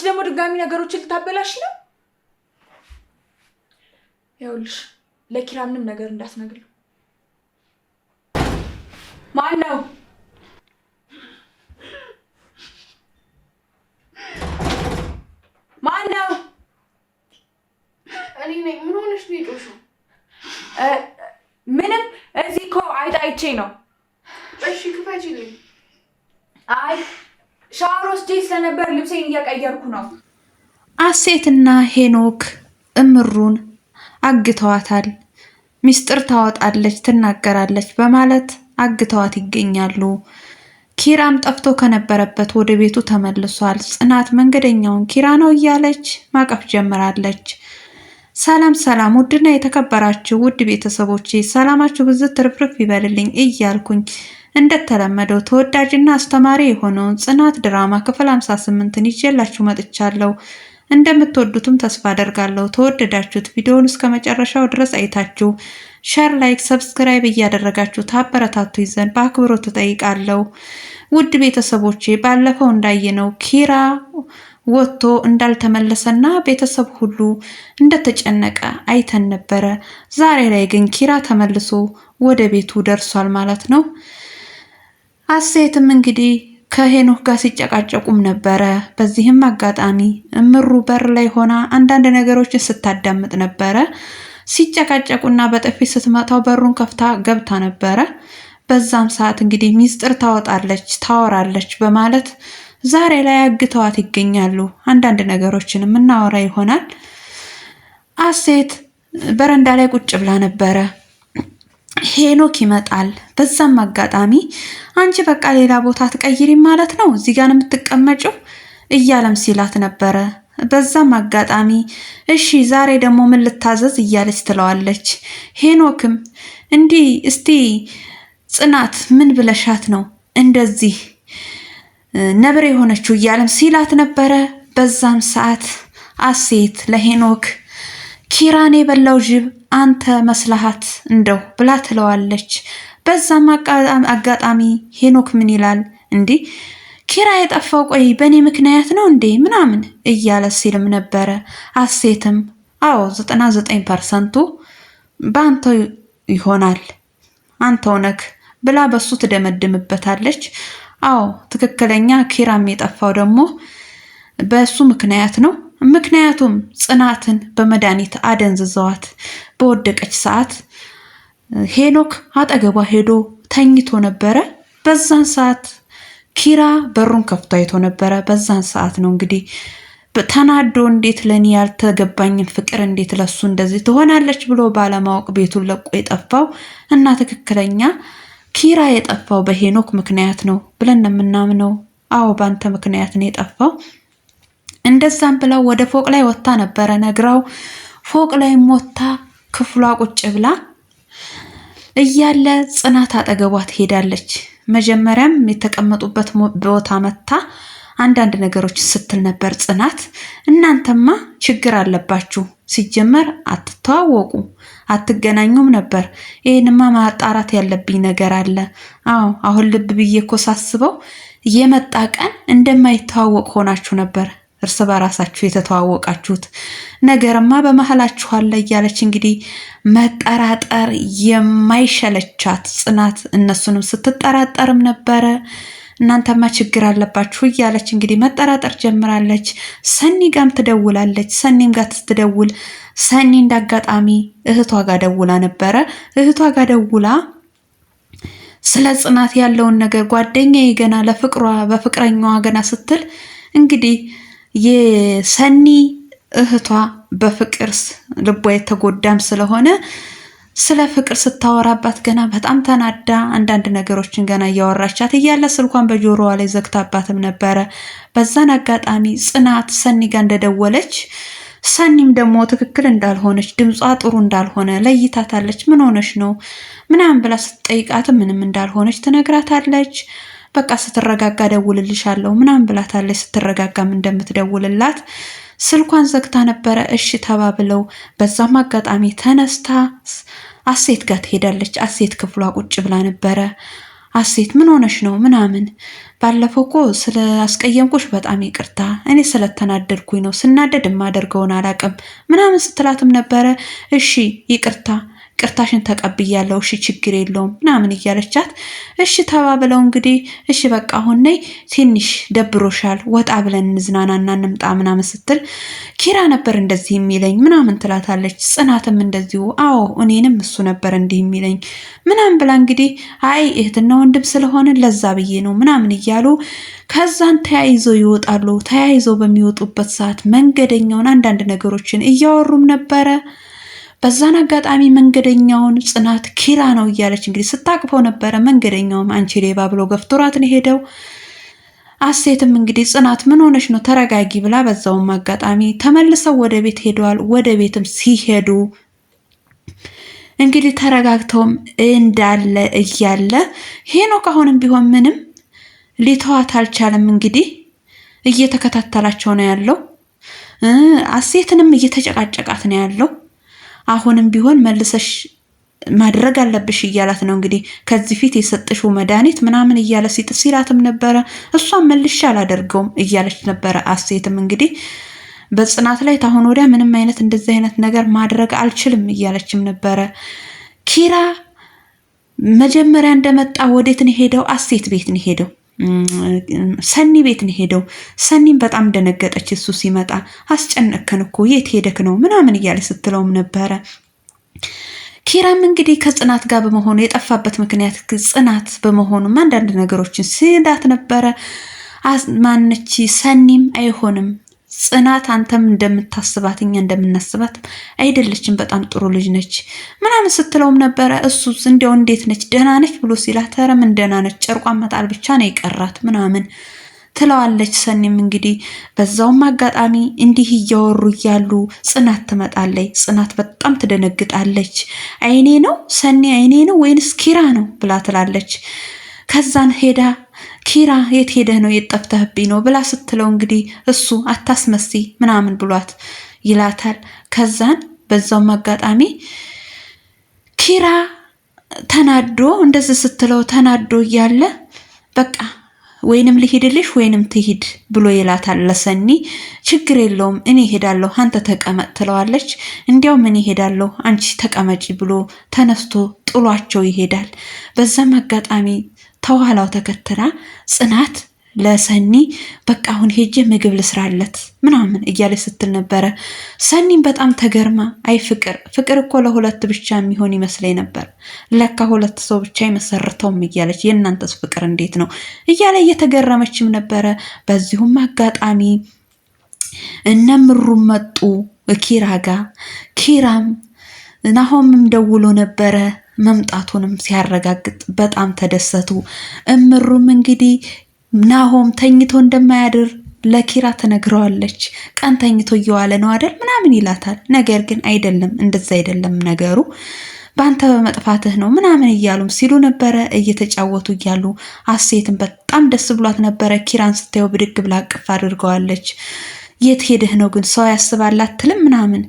አንቺ ደግሞ ድጋሚ ነገሮችን ልታበላሽ ነው። ይኸውልሽ ለኪራ ምንም ነገር እንዳትነግሪው። ማን ነው? ማን ነው? እኔ ነኝ። ምን ሆነሽ ነው የጮሽው? ምንም እዚህ እኮ አይቼ ነው ልብሴን እየቀየርኩ ነው። አሴትና ሄኖክ እምሩን አግተዋታል። ሚስጥር ታወጣለች፣ ትናገራለች በማለት አግተዋት ይገኛሉ። ኪራም ጠፍቶ ከነበረበት ወደ ቤቱ ተመልሷል። ጽናት መንገደኛውን ኪራ ነው እያለች ማቀፍ ጀምራለች። ሰላም ሰላም! ውድና የተከበራችሁ ውድ ቤተሰቦቼ ሰላማችሁ ብዝት ትርፍርፍ ይበልልኝ እያልኩኝ እንደተለመደው ተወዳጅና አስተማሪ የሆነውን ጽናት ድራማ ክፍል 58ን ይዤላችሁ መጥቻለሁ። እንደምትወዱትም ተስፋ አደርጋለሁ። ተወደዳችሁት ቪዲዮውን እስከ መጨረሻው ድረስ አይታችሁ ሸር፣ ላይክ፣ ሰብስክራይብ እያደረጋችሁ ታበረታቱ ይዘን በአክብሮት ትጠይቃለሁ። ውድ ቤተሰቦቼ ባለፈው እንዳየነው ኪራ ወጥቶ እንዳልተመለሰና ቤተሰብ ሁሉ እንደተጨነቀ አይተን ነበረ። ዛሬ ላይ ግን ኪራ ተመልሶ ወደ ቤቱ ደርሷል ማለት ነው። አሴትም እንግዲህ ከሄኖክ ጋር ሲጨቃጨቁም ነበረ። በዚህም አጋጣሚ እምሩ በር ላይ ሆና አንዳንድ ነገሮችን ስታዳምጥ ነበረ። ሲጨቃጨቁና በጥፊ ስትመታው በሩን ከፍታ ገብታ ነበረ። በዛም ሰዓት እንግዲህ ሚስጥር ታወጣለች፣ ታወራለች በማለት ዛሬ ላይ አግተዋት ይገኛሉ። አንዳንድ ነገሮችን ምናወራ ይሆናል። አሴት በረንዳ ላይ ቁጭ ብላ ነበረ። ሄኖክ ይመጣል። በዛም አጋጣሚ አንቺ በቃ ሌላ ቦታ ትቀይሪ ማለት ነው እዚህ ጋር የምትቀመጭው እያለም ሲላት ነበረ። በዛም አጋጣሚ እሺ ዛሬ ደግሞ ምን ልታዘዝ እያለች ትለዋለች። ሄኖክም እንዲህ እስቲ ጽናት ምን ብለሻት ነው እንደዚህ ነብር የሆነችው እያለም ሲላት ነበረ። በዛም ሰዓት አሴት ለሄኖክ ኪራን የበላው ጅብ አንተ መስላሃት እንደው ብላ ትለዋለች። በዛም አጋጣሚ ሄኖክ ምን ይላል እንዲህ ኪራ የጠፋው ቆይ በእኔ ምክንያት ነው እንዴ ምናምን እያለ ሲልም ነበረ። አሴትም አዎ ዘጠና ዘጠኝ ፐርሰንቱ ይሆናል አንተው ነክ ብላ በሱ ትደመድምበታለች። አዎ ትክክለኛ ኪራም የጠፋው ደግሞ በእሱ ምክንያት ነው ምክንያቱም ጽናትን በመድኃኒት አደንዝዘዋት በወደቀች ሰዓት ሄኖክ አጠገቧ ሄዶ ተኝቶ ነበረ። በዛን ሰዓት ኪራ በሩን ከፍቶ አይቶ ነበረ። በዛን ሰዓት ነው እንግዲህ ተናዶ እንዴት ለእኔ ያልተገባኝን ፍቅር እንዴት ለሱ እንደዚህ ትሆናለች ብሎ ባለማወቅ ቤቱን ለቆ የጠፋው እና ትክክለኛ ኪራ የጠፋው በሄኖክ ምክንያት ነው ብለን የምናምነው። አዎ ባንተ ምክንያት ነው የጠፋው። እንደዛም ብለው ወደ ፎቅ ላይ ወጥታ ነበረ ነግራው፣ ፎቅ ላይም ሞታ ክፍሏ ቁጭ ብላ እያለ ጽናት አጠገቧ ትሄዳለች። መጀመሪያም የተቀመጡበት ቦታ መታ አንዳንድ ነገሮች ስትል ነበር ጽናት። እናንተማ ችግር አለባችሁ፣ ሲጀመር አትተዋወቁ፣ አትገናኙም ነበር። ይህንማ ማጣራት ያለብኝ ነገር አለ። አዎ አሁን ልብ ብዬ እኮ ሳስበው የመጣ ቀን እንደማይተዋወቅ ሆናችሁ ነበር እርስ በራሳችሁ የተተዋወቃችሁት ነገርማ በመሀላችሁ አለ እያለች እንግዲህ መጠራጠር የማይሸለቻት ጽናት እነሱንም ስትጠራጠርም ነበረ። እናንተማ ችግር አለባችሁ እያለች እንግዲህ መጠራጠር ጀምራለች። ሰኒ ጋም ትደውላለች። ሰኒም ጋር ስትደውል ሰኒ እንዳጋጣሚ እህቷ ጋር ደውላ ነበረ። እህቷ ጋር ደውላ ስለ ጽናት ያለውን ነገር ጓደኛዬ ገና ለፍቅሯ በፍቅረኛዋ ገና ስትል እንግዲህ የሰኒ እህቷ በፍቅር ልቧ የተጎዳም ስለሆነ ስለ ፍቅር ስታወራባት ገና በጣም ተናዳ አንዳንድ ነገሮችን ገና እያወራቻት እያለ ስልኳን በጆሮዋ ላይ ዘግታባትም ነበረ። በዛን አጋጣሚ ጽናት ሰኒ ጋር እንደደወለች ሰኒም ደግሞ ትክክል እንዳልሆነች ድምጿ ጥሩ እንዳልሆነ ለይታታለች። ምን ሆነች ነው ምናምን ብላ ስትጠይቃትም ምንም እንዳልሆነች ትነግራታለች። በቃ ስትረጋጋ ደውልልሻለሁ ምናምን ብላታለች። ስትረጋጋም እንደምትደውልላት ስልኳን ዘግታ ነበረ። እሺ ተባብለው በዛም አጋጣሚ ተነስታ አሴት ጋር ትሄዳለች። አሴት ክፍሏ ቁጭ ብላ ነበረ። አሴት ምን ሆነሽ ነው ምናምን ባለፈው እኮ ስለ አስቀየምኩሽ በጣም ይቅርታ፣ እኔ ስለተናደድኩኝ ነው ስናደድ የማደርገውን አላቅም ምናምን ስትላትም ነበረ። እሺ ይቅርታ ቅርታሽን ተቀብያለሁ፣ እሺ ችግር የለውም ምናምን እያለቻት እሺ ተባብለው እንግዲህ እሺ በቃ አሁን ነይ ትንሽ ደብሮሻል፣ ወጣ ብለን እንዝናናና እንምጣ ምናምን ስትል ኪራ ነበር እንደዚህ የሚለኝ ምናምን ትላታለች። ጽናትም እንደዚሁ አዎ እኔንም እሱ ነበር እንዲህ የሚለኝ ምናምን ብላ እንግዲህ አይ እህትና ወንድም ስለሆነ ለዛ ብዬ ነው ምናምን እያሉ ከዛን ተያይዘው ይወጣሉ። ተያይዘው በሚወጡበት ሰዓት መንገደኛውን አንዳንድ ነገሮችን እያወሩም ነበረ። በዛን አጋጣሚ መንገደኛውን ጽናት ኪራ ነው እያለች እንግዲህ ስታቅፈው ነበረ። መንገደኛውም አንቺ ሌባ ብሎ ገፍቶራት ነው ሄደው። አሴትም እንግዲህ ጽናት ምን ሆነች ነው ተረጋጊ ብላ በዛውም አጋጣሚ ተመልሰው ወደ ቤት ሄደዋል። ወደ ቤትም ሲሄዱ እንግዲህ ተረጋግተውም እንዳለ እያለ ሄኖክ አሁንም ቢሆን ምንም ሊተዋት አልቻለም። እንግዲህ እየተከታተላቸው ነው ያለው። አሴትንም እየተጨቃጨቃት ነው ያለው። አሁንም ቢሆን መልሰሽ ማድረግ አለብሽ እያላት ነው እንግዲህ ከዚህ ፊት የሰጥሽው መድኃኒት ምናምን እያለ ሲጥፍ ሲላትም ነበረ። እሷን መልሼ አላደርገውም እያለች ነበረ። አሴትም እንግዲህ በጽናት ላይ ታሁን ወዲያ ምንም አይነት እንደዚህ አይነት ነገር ማድረግ አልችልም እያለችም ነበረ። ኪራ መጀመሪያ እንደመጣ ወዴት ነው ሄደው? አሴት ቤት ነው ሄደው ሰኒ ቤት ነው ሄደው። ሰኒም በጣም ደነገጠች። እሱ ሲመጣ አስጨነቅከን እኮ የት ሄደክ ነው ምናምን እያለ ስትለውም ነበረ። ኪራም እንግዲህ ከጽናት ጋር በመሆኑ የጠፋበት ምክንያት ጽናት በመሆኑም አንዳንድ ነገሮችን ስዳት ነበረ። ማነች ሰኒም አይሆንም ጽናት አንተም እንደምታስባት እኛ እንደምናስባት አይደለችም፣ በጣም ጥሩ ልጅ ነች ምናምን ስትለውም ነበረ። እሱ እንዲያው እንዴት ነች ደህና ነች ብሎ ሲላት ኧረ ምን ደህና ነች፣ ጨርቋን መጣል ብቻ ነው የቀራት ምናምን ትለዋለች። ሰኒም እንግዲህ በዛውም አጋጣሚ እንዲህ እያወሩ እያሉ ጽናት ትመጣለች። ጽናት በጣም ትደነግጣለች። አይኔ ነው ሰኒ አይኔ ነው ወይንስ ኪራ ነው ብላ ትላለች። ከዛን ሄዳ ኪራ የት ሄደህ ነው የጠፍተህብኝ ነው ብላ ስትለው እንግዲህ እሱ አታስመሲ ምናምን ብሏት ይላታል። ከዛን በዛውም አጋጣሚ ኪራ ተናዶ እንደዚህ ስትለው ተናዶ እያለ በቃ ወይንም ልሂድልሽ ወይንም ትሂድ ብሎ ይላታል ለሰኒ። ችግር የለውም እኔ ሄዳለሁ አንተ ተቀመጥ ትለዋለች። እንዲያውም እኔ ሄዳለሁ አንቺ ተቀመጪ ብሎ ተነስቶ ጥሏቸው ይሄዳል። በዛም አጋጣሚ ከኋላው ተከትላ ጽናት ለሰኒ በቃ አሁን ሄጄ ምግብ ልስራለት ምናምን እያለ ስትል ነበረ። ሰኒም በጣም ተገርማ አይ ፍቅር ፍቅር እኮ ለሁለት ብቻ የሚሆን ይመስለኝ ነበር፣ ለካ ሁለት ሰው ብቻ የመሰርተውም እያለች የእናንተስ ፍቅር እንዴት ነው እያለ እየተገረመችም ነበረ። በዚሁም አጋጣሚ እነምሩ መጡ ኪራ ጋ ኪራም ናሆምም ደውሎ ነበረ መምጣቱንም ሲያረጋግጥ በጣም ተደሰቱ። እምሩም እንግዲህ ናሆም ተኝቶ እንደማያድር ለኪራ ትነግረዋለች። ቀን ተኝቶ እየዋለ ነው አደል ምናምን ይላታል። ነገር ግን አይደለም እንደዛ አይደለም ነገሩ በአንተ በመጥፋትህ ነው ምናምን እያሉም ሲሉ ነበረ። እየተጫወቱ እያሉ አሴትን በጣም ደስ ብሏት ነበረ። ኪራን ስታየው ብድግ ብላ አቅፍ አድርገዋለች። የት ሄደህ ነው ግን ሰው ያስባላት ትልም ምናምን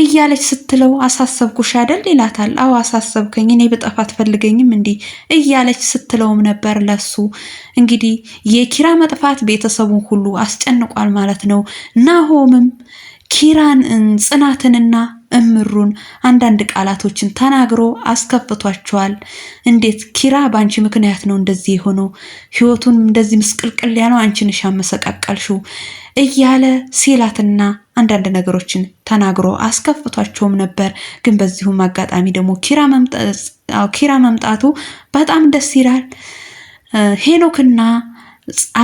እያለች ስትለው አሳሰብኩሽ አይደል ይላታል። አዎ አሳሰብከኝ፣ እኔ ብጠፋ አትፈልገኝም እንዲህ እያለች ስትለውም ነበር። ለሱ እንግዲህ የኪራ መጥፋት ቤተሰቡን ሁሉ አስጨንቋል ማለት ነው። ናሆምም ኪራን ጽናትንና እምሩን አንዳንድ ቃላቶችን ተናግሮ አስከፍቷቸዋል። እንዴት ኪራ በአንቺ ምክንያት ነው እንደዚህ የሆነው፣ ህይወቱን እንደዚህ ምስቅልቅል ያለው አንቺን ነሽ እያለ ሲላትና አንዳንድ ነገሮችን ተናግሮ አስከፍቷቸውም ነበር። ግን በዚሁም አጋጣሚ ደግሞ ኪራ መምጣቱ በጣም ደስ ይላል። ሄኖክና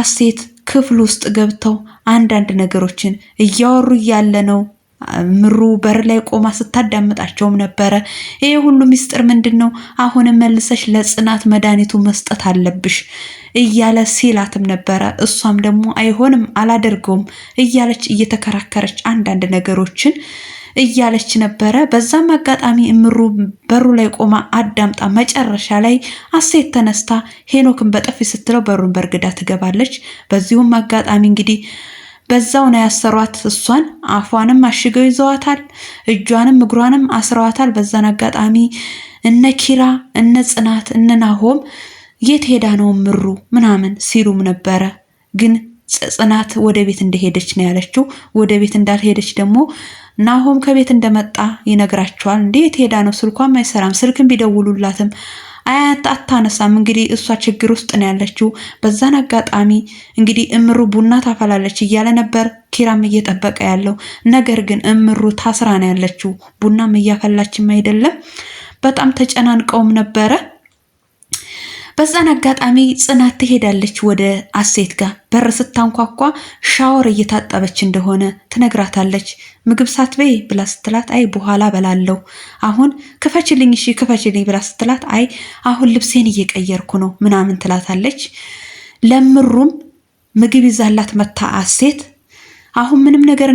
አሴት ክፍል ውስጥ ገብተው አንዳንድ ነገሮችን እያወሩ እያለ ነው ምሩ በር ላይ ቆማ ስታዳምጣቸውም ነበረ። ይሄ ሁሉ ሚስጥር ምንድን ነው? አሁንም መልሰሽ ለጽናት መድኃኒቱ መስጠት አለብሽ እያለ ሲላትም ነበረ። እሷም ደግሞ አይሆንም፣ አላደርገውም እያለች እየተከራከረች አንዳንድ ነገሮችን እያለች ነበረ። በዛም አጋጣሚ እምሩ በሩ ላይ ቆማ አዳምጣ መጨረሻ ላይ አሴት ተነስታ ሄኖክን በጥፊ ስትለው በሩን በርግዳ ትገባለች። በዚሁም አጋጣሚ እንግዲህ በዛው ነው ያሰሯት። እሷን አፏንም አሽገው ይዘዋታል፣ እጇንም እግሯንም አስረዋታል። በዛን አጋጣሚ እነ ኪራ እነ ጽናት እነ ናሆም የት ሄዳ ነው ምሩ ምናምን ሲሉም ነበረ ግን ጽናት ወደ ቤት እንደሄደች ነው ያለችው። ወደ ቤት እንዳልሄደች ደግሞ ናሆም ከቤት እንደመጣ ይነግራቸዋል። እንዴ የት ሄዳ ነው? ስልኳም አይሰራም። ስልክም ቢደውሉላትም አያት አታነሳም። እንግዲህ እሷ ችግር ውስጥ ነው ያለችው። በዛን አጋጣሚ እንግዲህ እምሩ ቡና ታፈላለች እያለ ነበር ኪራም እየጠበቀ ያለው ነገር ግን እምሩ ታስራ ነው ያለችው። ቡናም እያፈላችም አይደለም። በጣም ተጨናንቀውም ነበረ። በዛን አጋጣሚ ጽናት ትሄዳለች ወደ አሴት ጋር። በር ስታንኳኳ ሻወር እየታጠበች እንደሆነ ትነግራታለች። ምግብ ሳትበይ ብላ ስትላት አይ በኋላ በላለው አሁን ክፈችልኝ፣ እሺ ክፈችልኝ ብላ ስትላት አይ አሁን ልብሴን እየቀየርኩ ነው ምናምን ትላታለች። ለምሩም ምግብ ይዛላት መታ አሴት አሁን ምንም ነገር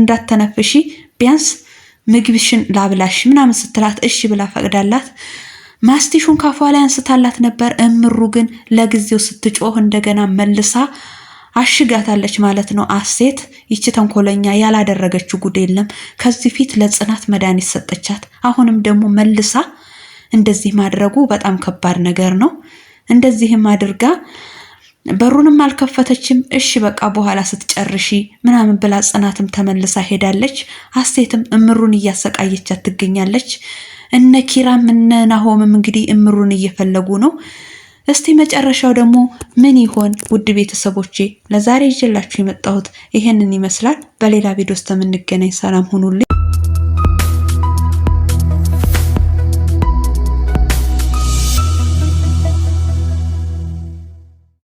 እንዳትነፍሺ ቢያንስ ምግብሽን ላብላሽ ምናምን ስትላት እሺ ብላ ፈቅዳላት ማስቲሹን ካፏ ላይ አንስታላት ነበር። እምሩ ግን ለጊዜው ስትጮህ እንደገና መልሳ አሽጋታለች ማለት ነው። አሴት ይቺ ተንኮለኛ ያላደረገችው ጉድ የለም። ከዚህ ፊት ለጽናት መድኃኒት ሰጠቻት። አሁንም ደግሞ መልሳ እንደዚህ ማድረጉ በጣም ከባድ ነገር ነው። እንደዚህም አድርጋ በሩንም አልከፈተችም። እሺ በቃ በኋላ ስትጨርሺ ምናምን ብላ ጽናትም ተመልሳ ሄዳለች። አሴትም እምሩን እያሰቃየቻት ትገኛለች። እነ ኪራም እነ ናሆምም እንግዲህ እምሩን እየፈለጉ ነው። እስቲ መጨረሻው ደግሞ ምን ይሆን? ውድ ቤተሰቦቼ ለዛሬ ይዤላችሁ የመጣሁት ይህንን ይመስላል። በሌላ ቪዲዮ ውስጥ የምንገናኝ። ሰላም ሁኑልኝ።